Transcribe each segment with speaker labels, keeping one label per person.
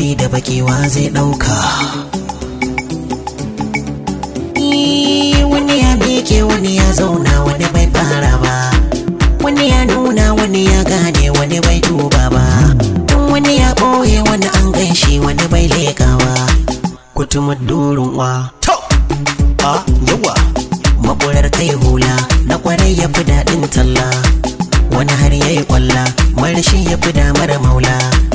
Speaker 1: da bakewa zai ɗauka wani ya beke wani ya zauna wani bai fara ba wani ya nuna wani ya gane wani bai duba ba don wani ya ɓoye wani an ganshi wani bai leka ba kutumar durin wa a yawa makurar kai hula na kwarai ya fi daɗin talla wani har ya yi kwalla marashi ya fi damar maula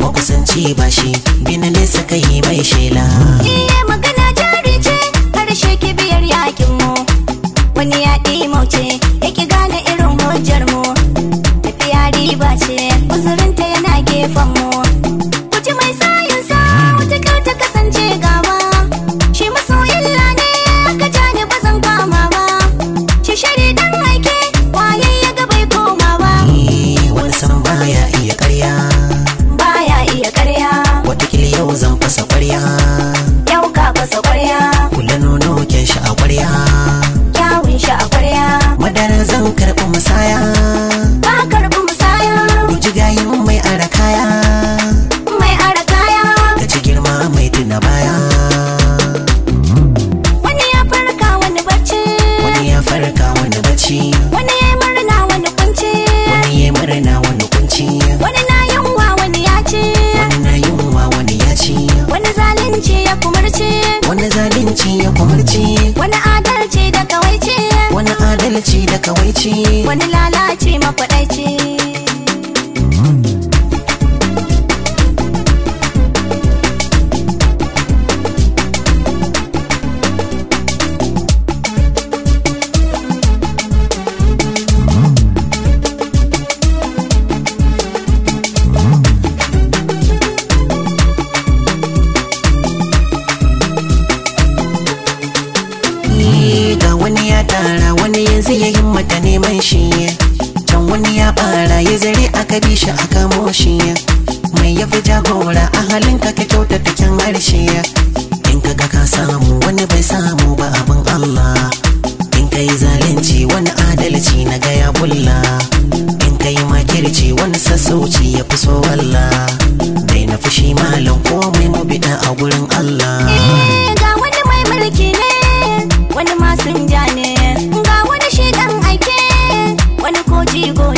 Speaker 1: makusanci ba shi gina nesa kai mai shela. Iye magana musaya lalaci da kawaici wani lalaci makwadaici wani ya tara wani yanzu ya yi neman shi can wani ya bara ya zare aka bi shi a kamo shi mai ya fi jagora a halin ka ka ta kyan harshe in ka ga ka samu wani bai samu ba abin Allah in ka yi zalunci wani adalci na gaya bulla in ka yi makirci wani sassauci ya fi so Allah bai na fushi malam komai mu mabida a gurin Allah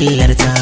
Speaker 1: चिल्लर छ